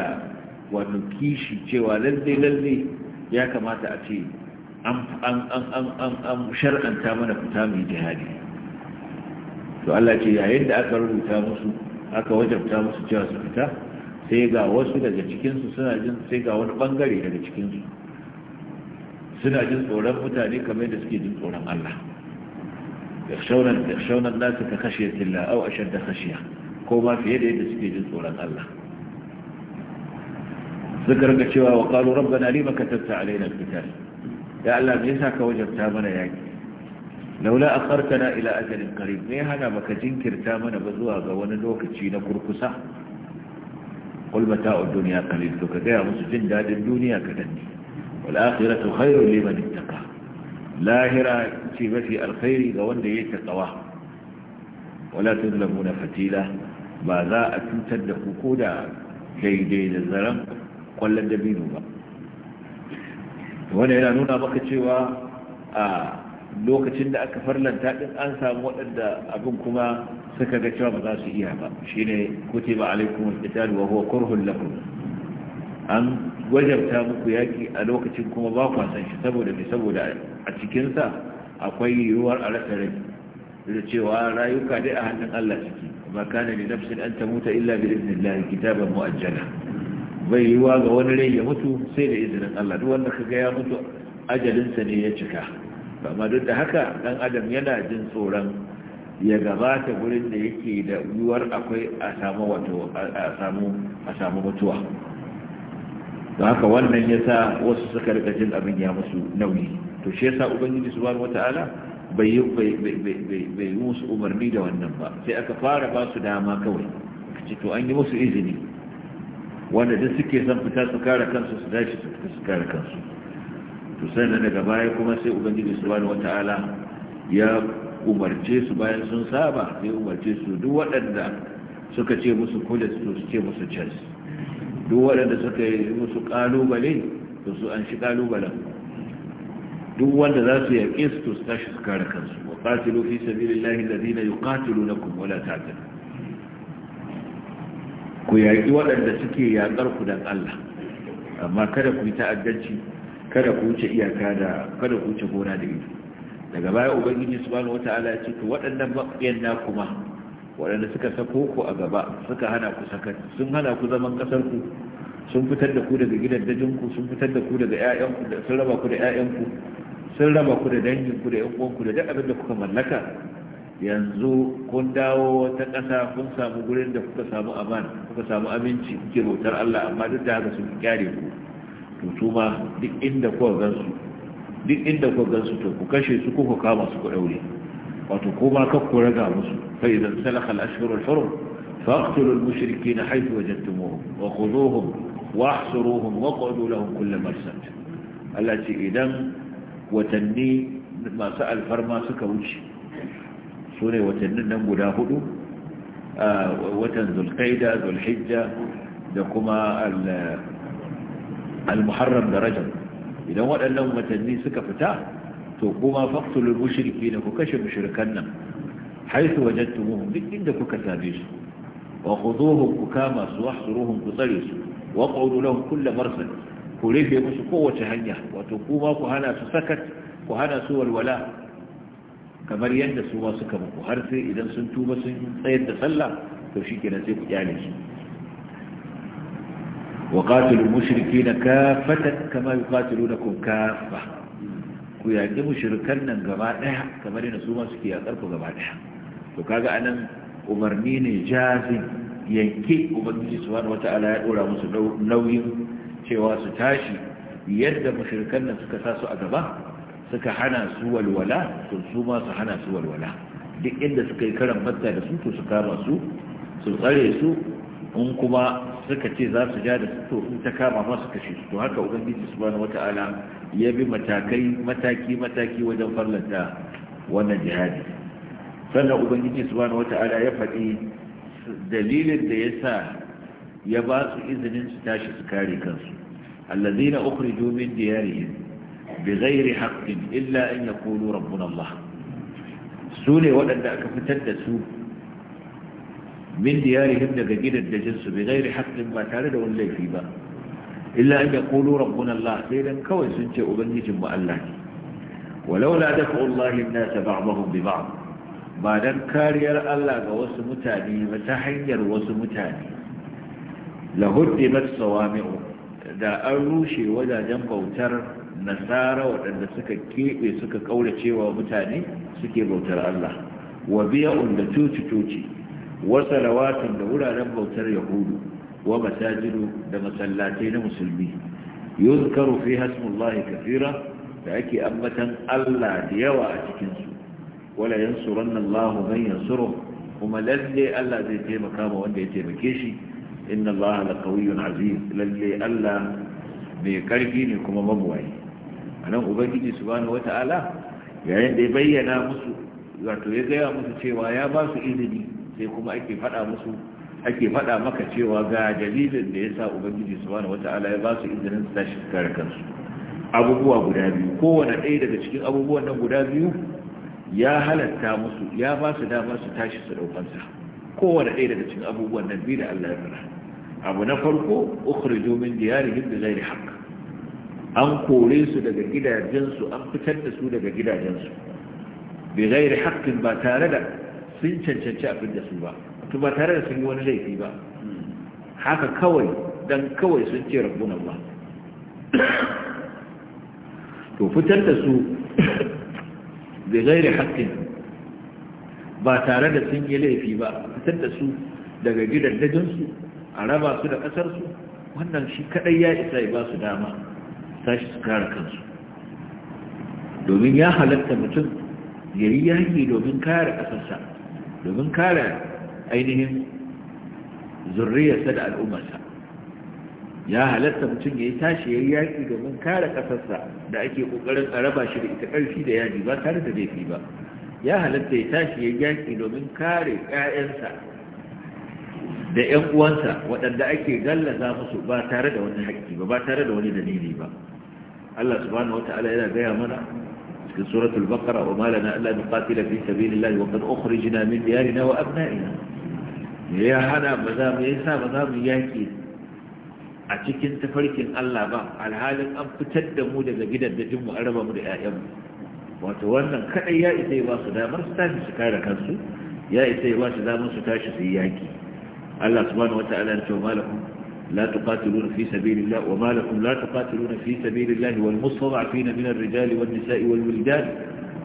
wani kishi cewa lalle lalle ya kamata a ce an shar'anta mana fita mai jihadi to Allah ce yayin da aka rubuta musu aka wajabta musu cewa su fita sai ga wasu daga cikinsu suna jin sai ga wani bangare daga cikinsu suna jin tsoron mutane kamar da suke jin tsoron Allah yakhshawna an-nas ka khashyati Allah aw ashadda kashiya, ko ma fiye da yadda suke jin tsoron Allah suka rinka cewa wa qalu rabbana lima katabta alaina na qital ya Allah me yasa ka ta mana yaki laula akhartana ila ajalin qarib me hana maka jinkirta mana ba zuwa ga wani lokaci na kurkusa qul mata'u duniya qalil to ka gaya musu jin daɗin duniya kadan ne wal akhiratu liman ittaqa lahira ce mafi alkhairi ga wanda ya taqawa wala tuzlamuna fatila ba za a cutar da ku ko da daidai da zaren kwallon dabino ba wanda yana nuna maka cewa a lokacin da aka farlanta din an samu waɗanda abin kuma suka ga cewa ba za su iya ba shine kutiba alaikum alqital wa huwa kurhun lakum an wajabta muku yaƙi a lokacin kuma ba kwa shi saboda mai saboda a cikinsa akwai yiwuwar a rasa rai da cewa rayuka dai a hannun Allah ciki ba kana ne nafsin an ta muta illa bi lahi kitaban mu'ajjala bai yiwuwa ga wani rai ya mutu sai da izinin Allah duk wanda kaga ya mutu ajalinsa ne ya cika amma duk da haka dan adam yana jin tsoron ya gabata gurin da yake da yiwuwar akwai a a samu mutuwa don haka wannan ya sa wasu suka rika abin ya musu nauyi to shi yasa ubangiji subhanahu wata'ala bai yi musu umarni da wannan ba sai aka fara ba su dama kawai ce to an yi musu izini wanda duk suke son fita su kare kansu su dashi su fita su kare kansu to sannan daga baya kuma sai ubangiji subhanahu wata'ala ya umarce su bayan sun saba sai umarce su duk waɗanda suka ce musu kulis to su ce musu chance duk waɗanda suka yi musu ƙalubale to su an shi ƙalubalen duk wanda za su yaƙe su to su tashi su kare kansu wa qatilu fi yi alladhina yuqatilunakum wala ta'tadu ku yaƙi waɗanda suke yaƙar ku dan Allah amma kada ku yi ta'addanci kada ku wuce iyaka da kada ku wuce gona da ido daga baya ubangiji subhanahu wataala ya ce to waɗannan maƙiyan na kuma waɗanda suka sako ku a gaba suka hana ku sakar sun hana ku zaman ƙasar ku sun fitar da ku daga gidajen ku sun fitar da ku daga ƴaƴan ku sun raba ku da ƴaƴan ku sun raba ku da dangin ku da ƴan ku da duk abin da kuka mallaka yanzu kun dawo ta ƙasa kun samu gurin da kuka samu aman kuka samu aminci kuke bautar Allah amma duk da haka sun kyare ku to ma duk inda kuka gansu duk inda kuka gansu to ku kashe su ku kama su ku daure wato ka kakku raga musu فإذا انسلخ الأشهر الحرم فاقتلوا المشركين حيث وجدتموهم وخذوهم واحصروهم واقعدوا لهم كل مرصد التي إذن وتني ما سأل فرما سكوش سنة وتنن نمولا هدو watan zulkaida zulhijja da kuma al-muharram idan waɗannan watanni suka fita to kuma faqtulul mushrikeena ku kashe mushrikan nan haisu wajattumuhum duk inda kuka same su wa khuduhum ku kama su wahsuruhum ku tsare su wa qawlu lahum kullu marsad ku rufe musu kowace hanya wato kuma ku hana su sakat ku hana su walwala kamar yadda su ma suka muku har sai idan sun tuba sun tsayar da sallah to shi shikenan sai ku kyale su wa qatilu mushrikeena kaffatan kama yuqatilunakum kaffa ku yaƙi mushrikan nan gaba ɗaya kamar yadda su ma suke yaƙar ku gaba ɗaya to kaga anan umarni ne jazin yanke ubangiji subhanahu wata'ala ya dora musu nauyin cewa su tashi yadda mushrikan nan suka sa su a gaba suka hana su walwala to su ma su hana su walwala duk inda suka yi karan batta da su to su kama su su tsare su in kuma suka ce za su ja da su to in ta kama masu kashe su to haka ubangiji subhanahu wata'ala ya bi matakai mataki mataki wajen farlanta wannan jihadi sannan ubangiji subhanahu wata'ala ya faɗi dalilin da yasa ya ba su izinin su tashi su kare kansu allazina ukhriju min diyarihim bighairi haqqin illa an yaqulu rabbuna Allah su ne waɗanda aka fitar da su min diyarihim daga gidan gidajen su bighairi haqqin ba tare da wani laifi ba illa an yaqulu rabbuna Allah sai dan kawai sun ce ubangijin mu Allah ne ولولا دفع الله الناس بعضهم ببعض ba don kariyar Allah ga wasu mutane ba ta hanyar wasu mutane lahuddimat sawami'u da an rushe wajajen bautar nasara waɗanda suka keɓe suka ƙaurace cewa mutane suke bautar Allah wa biya'un da cuci-cuci wasu rawatan da wuraren bautar yahudu wa masajidu da masallatai na musulmi yuzkaru fi hasmullahi kafira da ake ambatan Allah da yawa a cikinsu wala yansuranna Allah man yansuruh kuma lalle Allah zai taimaka ma wanda ya taimake shi inna Allah laqawiyyun aziz lalle Allah mai karfi ne kuma mabuwayi anan ubangiji subhanahu wata'ala yayin da ya bayyana musu wato ya gaya musu cewa ya ba su izini sai kuma ake faɗa musu ake faɗa maka cewa ga dalilin da ya sa ubangiji subhanahu wata'ala ya ba su izinin su tashi kare kansu abubuwa guda biyu kowane ɗaya daga cikin abubuwan nan guda biyu ya halatta musu ya ba su dama su tashi su daukansa kowane ɗaya daga cikin abubuwan nan biyu da Allah ya fara abu na farko ukhrijo min diyarihim bi ghairi haqq an kore su daga gidajen su, an fitar da su daga gidajen su. bi ghairi haqqin ba tare da sun cancanci abin da su ba to ba tare da sun yi wani laifi ba haka kawai dan kawai sun ce rabbuna Allah to fitar da su bai ghairi haqqin ba tare da sun yi laifi ba fitar da su daga gidan dajinsu a raba su da ƙasarsu wannan shi kaɗai ya isa ya ba su dama tashi su kare kansu domin ya halatta mutum ya yi yaki domin kare ƙasarsa domin kare ainihin zurriyarsa da al'ummarsa ya halatta mutum ya yi tashi ya yi yaƙi domin kare ƙasarsa da ake ƙoƙarin a raba shi da ita ƙarfi da yaji ba tare da laifi ba ya halatta ya tashi ya yi yaƙi domin kare ƴaƴansa da 'yan uwansa waɗanda ake gallaza musu ba tare da wani haƙƙi ba ba tare da wani dalili ba Allah subhanahu Ta'ala yana gaya mana cikin suratul baqara wa malana alla nuqatila fi sabilillahi wa qad ukhrijna min diyarina wa abna'ina ya hana ba za mu yasa ba za mu yaƙi a cikin tafarkin Allah ba alhalin an fitar da mu daga gidan da jin mu an raba mu da 'ya'yanmu wato wannan kadai ya ita ba su damar su tashi su kare kansu ya ita ba su damar su tashi su yaki Allah subhanahu wata'ala ya ce wa malakum la tuqatiluna fi sabilillah wa malakum la tuqatiluna fi sabilillah wal mustada'afina min ar-rijali wan nisa'i wal wildan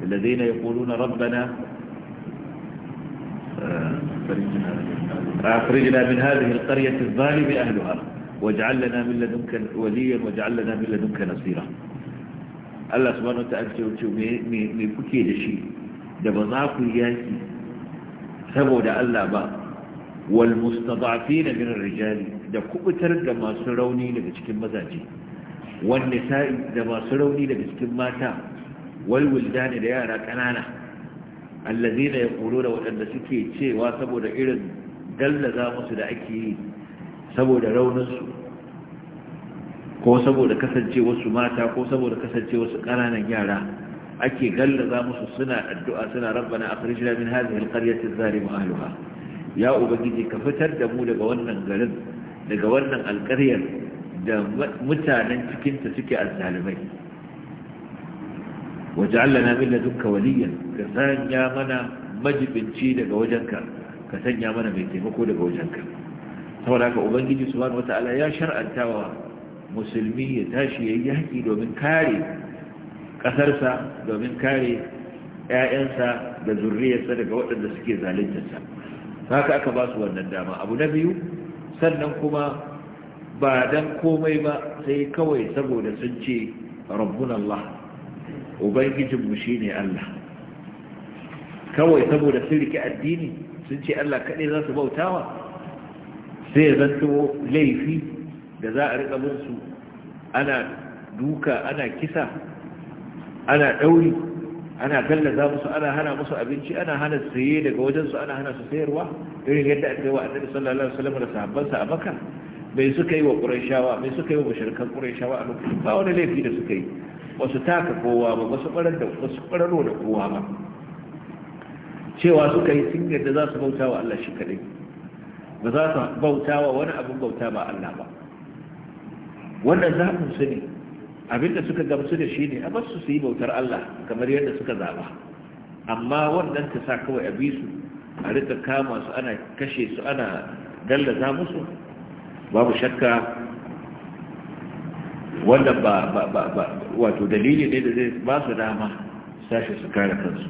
alladhina yaquluna rabbana أخرجنا من هذه القرية الظالم أهلها واجعل لنا من لدنك وليا واجعل لنا من لدنك نصيرا الله سبحانه وتعالى ce me kuke da shi da ba za ku yaki saboda Allah ba wal mustada'fina min ar-rijal da kubutar da masu rauni daga cikin mazaje wan nisa'i da masu rauni daga cikin mata wal wildani da yara kanana allazina yaquluna wadanda suke cewa saboda irin gallaza musu da ake yi saboda rauninsu ko saboda kasance wasu mata ko saboda kasance wasu ƙananan yara ake gallaza musu suna addu'a suna rabbana akhrijna min hadhihi alqaryati adh-dhalimu ya ubangiji ka fitar da mu daga wannan garin daga wannan alƙaryar da mutanen suke ta Waje Allah na min ladunka waliyan ka sanya mana majibinci daga wajenka ka sanya mana mai taimako daga wajenka saboda haka ubangiji subhanahu wata'ala ya shar'anta wa musulmi ya tashi ya yi haƙi domin kare ƙasarsa domin kare ‘ya'yansa da zurriyarsa daga waɗanda suke zaluntarsa haka aka ba su wannan dama abu na biyu sannan kuma ba dan komai ba sai kawai saboda sun ce rabbun Allah ubangijinmu shi ne Allah kawai saboda sun rike addini sun ce Allah kaɗai za su bautawa sai zanto laifi da za a riƙa su ana duka ana kisa ana ɗauri ana gallaza musu ana hana musu abinci ana hana saye daga wajensu ana hana su sayarwa irin yadda aka yi wa annabi sallallahu alaihi wasallam da sahabbansa a makka bai suka yi wa Qurayshawa bai suka yi wa mashirkan Qurayshawa a lokacin ba wani laifi da suka yi wasu taka kowa ba wasu barar da wasu da kowa ba cewa suka yi sun yadda za su bauta wa Allah shi kaɗai ba za su bauta wa wani abin bauta ba Allah ba wannan zaɓin ne abinda suka gamsu da shi ne a basu su yi bautar Allah kamar yadda suka zaba. amma wannan ta sa kawai a bi su a rika kama su ana kashe su ana gallaza musu babu shakka wannan ba ba ba ba wato dalili ne da zai ba su dama sashi su kare kansu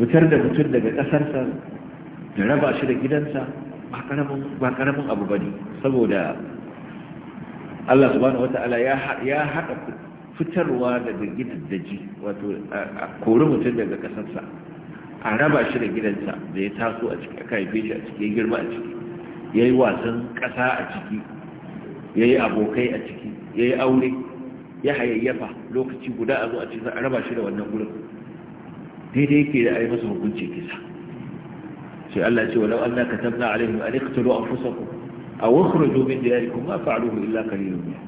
fitar da mutum daga ƙasarsa da raba shi da gidansa ba karamin abu ba ne saboda Allah subhanahu wata'ala ya haɗa fitarwa daga gidan daji wato a kori mutum daga ƙasarsa a raba shi da gidansa da ya taso a ciki aka haife shi a ciki ya girma a ciki ya yi wasan ƙasa a ciki ya yi abokai a ciki ya yi aure ya hayayyafa lokaci guda a zo a cikin a raba shi da wannan gurin daidai yake da a yi masa hukunci kisa sai Allah ce walau Allah katabna alaihim an iqtulu anfusakum aw ukhruju min kuma ma fa'aluhu illa qalilun minhum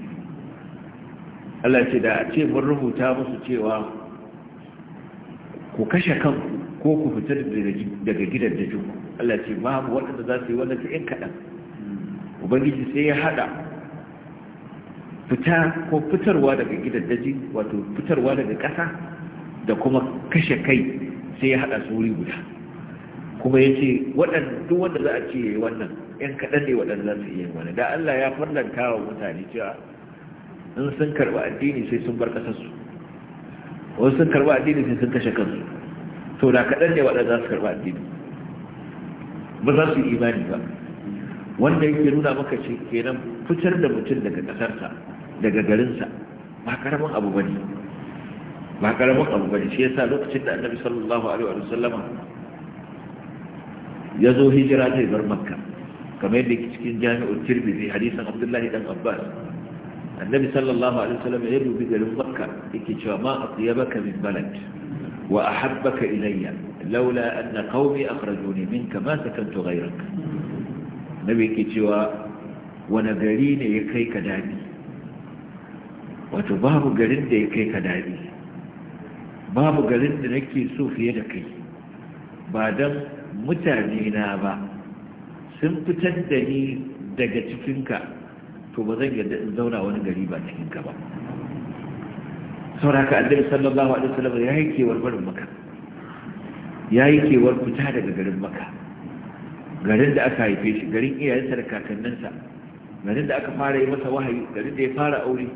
Allah ce da a ce mun rubuta musu cewa ku kashe kanku ko ku fita daga gidan da ku. Allah ce ma babu waɗanda za su yi wannan sai kaɗan ubangiji sai ya haɗa fita ko fitarwa daga gidan daji wato fitarwa daga ƙasa da kuma kashe kai sai ya haɗa su wuri guda kuma ya ce duk wanda za a ce ya yi wannan yan kaɗan ne waɗanda za su iya wani da Allah ya farlanta wa mutane cewa in sun karɓi addini sai sun bar ƙasarsu wani sun karɓi addini sai sun kashe kansu to da kaɗan ne waɗanda za su karɓi addini ba za su yi imani ba wanda yake nuna maka ce kenan fitar da mutum daga ƙasarsa daga garinsa ba karamin abu ba ne, ba karamin abu ba ne shi yasa lokacin da annabi sallallahu alaihi wa sallama ya zo hijira zai bar makka kamar yadda cikin jami'ar tirmidhi hadisan abdullahi dan abbas annabi sallallahu alaihi wasallam ya dubi garin makka yake cewa ma atyabaka min balad wa ahabbaka ilayya laula anna qaumi akhrajuni minka ma sakantu ghayrak nabi yake cewa wani gari ne ya kai ka dadi wato babu garin da ya kai ka dadi babu garin da nake so fiye da kai ba dan mutane na ba sun fitar da ni daga cikinka to ba zan yarda in zauna wani gari ba cikinka ba sauraka annabi sallallahu alaihi wasallam ya yi kewar barin maka ya yi kewar fita daga garin maka garin da aka haife shi garin iyayensa da kakanninsa garin da aka fara yi masa wahayi garin da ya fara aure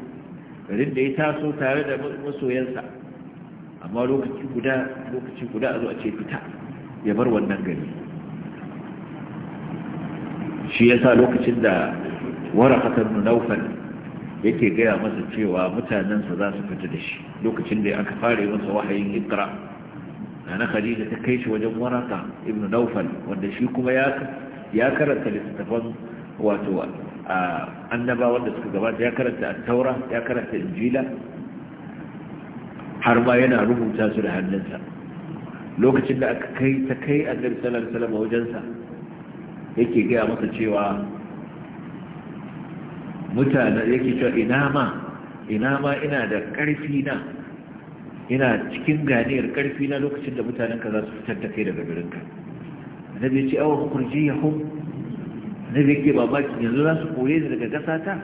garin da ya taso tare da masoyansa amma lokaci guda lokaci guda a zo a ce fita ya bar wannan gari shi yasa lokacin da warakatar nunaufal yake gaya masa cewa mutanensa za su fita da shi lokacin da aka fara masa wahayin ikra na khadija ta kai shi wajen waraka ibn naufal wanda shi kuma ya karanta littattafan wato annaba wanda suka gabata ya karanta taura ya karanta injila har ma yana rubuta su da hannunsa lokacin da aka kai ta kai a sallallahu alaihi wasallam wajensa yake gaya masa cewa mutane yake cewa ina ma ina ma ina da ƙarfi na ina cikin ganiyar ƙarfi na lokacin da mutanen ka za su fitar ta kai daga birinka na ya ce awon kurji ya na annabi yake babakin yanzu za su koye daga gasata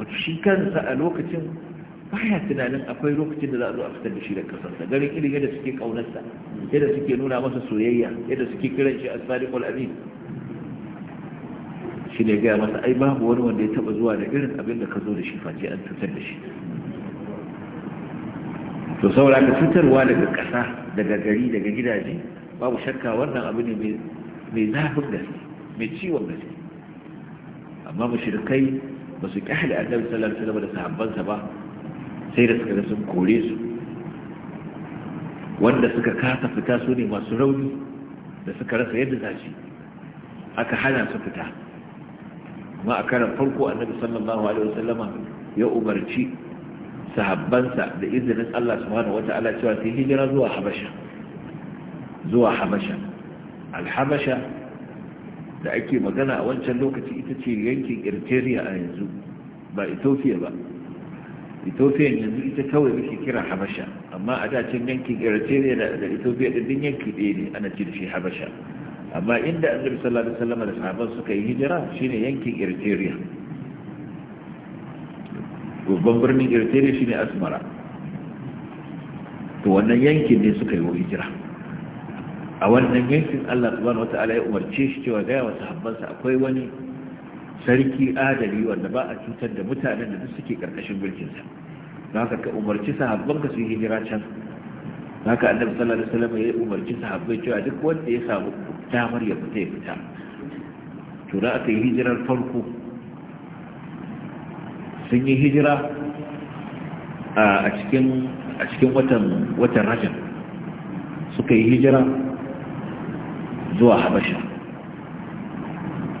wato shi kansa a lokacin baya tunanin akwai lokacin da za a zo a fitar da shi da kasarsa garin irin yadda suke kaunarsa yadda suke nuna masa soyayya yadda suke kiran shi as-sadiqul amin shi ne gaya masa ai babu wani wanda ya taba zuwa da irin abin da ka zo da shi face an cutar da shi to saboda ka cutarwa daga ƙasa daga gari daga gidaje babu shakka wannan abu ne mai zafin gaske mai ciwon gaske amma mushrikai ba su kyale annabi sallallahu alaihi wasallam da sahabbansa ba sai da suka ga sun kore su wanda suka kasa fita su ne masu rauni da suka rasa yadda za su aka hana su fita amma a karan farko annabi sallallahu alaihi wasallama ya umarci sahabbansa da izinin Allah subhanahu wata'ala cewa sai hijira zuwa Habasha zuwa Habasha alhabasha da ake magana a wancan lokaci ita ce yankin Eritrea a yanzu ba Ethiopia ba ethiopia yanzu ita kawai muke kira habasha amma a da can yankin eritrea da ethiopia ɗin yanki ɗaya ne ana ce da shi habasha amma inda annabi sallallahu alaihi wasallam da sahabban suka yi hijira shine yankin eritrea babban birnin eritrea shine asmara to wannan yankin ne suka yi wa hijira a wannan yankin Allah subhanahu ta'ala ya umarce shi cewa gaya wa sahabbansa akwai wani sarki adali wanda ba a cutar da mutanen da duk suke karkashin mulkinsa za ka umarci sahabban ka su yi hijira can za ka annabi sallallahu alaihi wasallam ya umarci sahabbai cewa duk wanda ya samu damar ya fita ya fita to da aka yi hijirar farko sun yi hijira a cikin a cikin watan watan rajab suka yi hijira zuwa habasha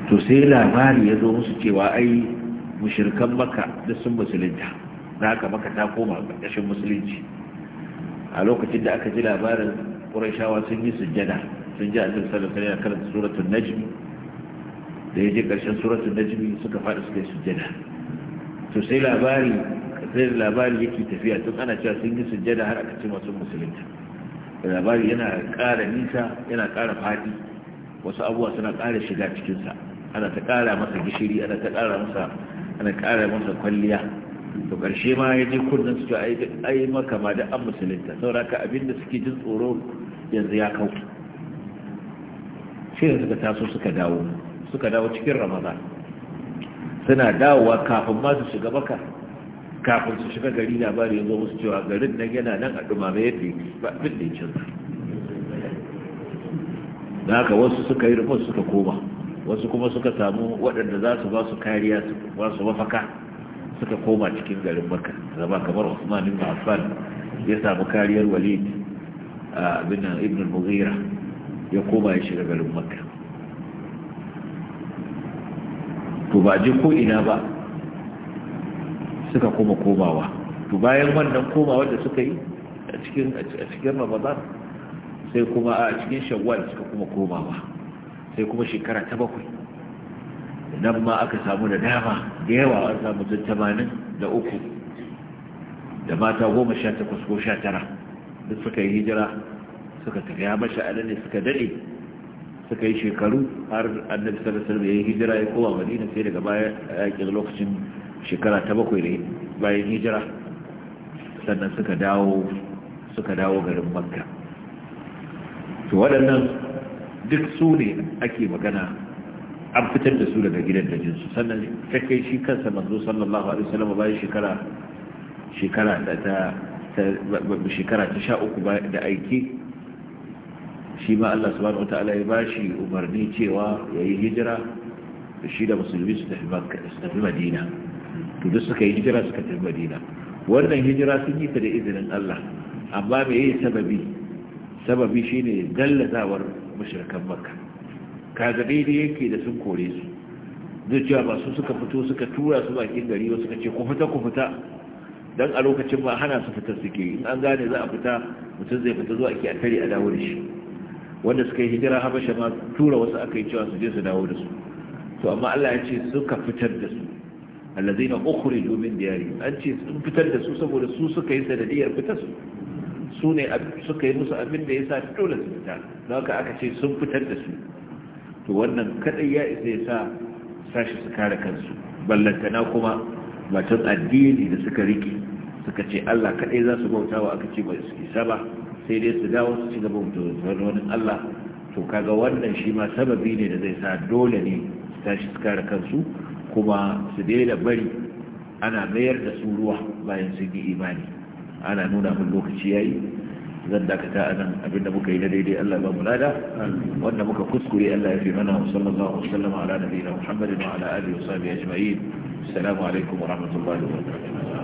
to sai labari ya zo musu cewa ai mushirkan maka da sun musulunta na haka maka ta koma ƙarƙashin musulunci a lokacin da aka ji labarin ƙurashawa sun yi sujjada sun ji annabi sallallahu alaihi wasallam karanta suratul najmi da ya je ƙarshen suratul najmi suka faɗi suka yi sujjada to sai labari sai labari yake tafiya tun ana cewa sun yi sujjada har aka ce masu musulunta labari yana ƙara nisa yana ƙara faɗi wasu abubuwa suna ƙara shiga cikinsa ana ta ƙara masa gishiri ana ta ƙara masa ana ƙara masa kwalliya to ƙarshe ma ya je kunnen su ai maka ma da an musulunta sauraka abinda suke jin tsoro yanzu ya kau shi suka taso suka dawo suka dawo cikin ramadan suna dawowa kafin ma su shiga baka kafin su shiga gari labari yanzu musu cewa garin nan yana nan a dumame ya fi ba abin da ya canza da haka wasu suka yi rufin suka koma wasu kuma suka samu waɗanda za su ba su kariya su ba su mafaka suka koma cikin garin maka zama kamar usman ibn affan ya samu kariyar walid ibn ibn al-mughira ya koma ya shiga garin maka to ba ji ko ina ba suka koma komawa to bayan wannan komawa da suka yi a cikin a cikin ramadan sai kuma a cikin shawwal suka kuma komawa sai kuma shekara ta bakwai nan ma aka samu da dama da yawa an samu tun tamanin da uku da mata goma sha takwas ko sha tara duk suka yi hijira suka tafiya mashi a ne suka daɗe suka yi shekaru har annabi sallallahu alaihi ya yi hijira ya kowa madina sai daga baya yakin lokacin shekara ta bakwai ne bayan hijira sannan suka dawo suka dawo garin makka to waɗannan duk su ne ake magana an fitar da su daga gidan da jinsu sannan ta kai shi kansa manzo sallallahu alaihi wasallam bayan shekara shekara da ta shekara ta sha uku da aiki shi ma Allah subhanahu wa ta'ala ya bashi umarni cewa ya yi hijira da shi da musulmi su tafi madina to duk suka yi hijira suka tafi madina wannan hijira sun yi ta da izinin Allah amma me yi sababi sababi shine dallatawar mushrikan makka kaga daidai yake da sun kore su zai cewa masu su suka fito suka tura su bakin gari wasu ka ce ku fita ku fita don a lokacin ba hana su fitar suke in an gane za a fita mutum zai fita zuwa ake a tare a dawo da shi wanda suka yi hijira habasha ma tura wasu aka yi cewa su je su dawo da su to amma Allah ya ce suka fitar da su allazina ukhriju min diyari an ce sun fitar da su saboda su suka yi sanadiyar fitar su su ne suka yi musu abin da ya sa dole su fita da haka aka ce sun fitar da su to wannan kadai ya isa ya sa sashi su kare kansu ballantana kuma batun addini da suka rike suka ce Allah kadai za su bauta wa aka ce ba su isa ba sai dai su dawo su ci gaba da wani Allah to kaga wannan shi ma sababi ne da zai sa dole ne su tashi su kare kansu kuma su daina bari ana mayar da su ruwa bayan sun yi imani ana nuna mun lokaci yayi zan dakata a nan abinda muka yi na daidai Allah ba mu wanda muka kuskure Allah ya fi mana wa sallallahu alaihi wa ala nabiyina Muhammadin wa ala alihi wa sahbihi ajma'in assalamu alaikum wa rahmatullahi wa barakatuh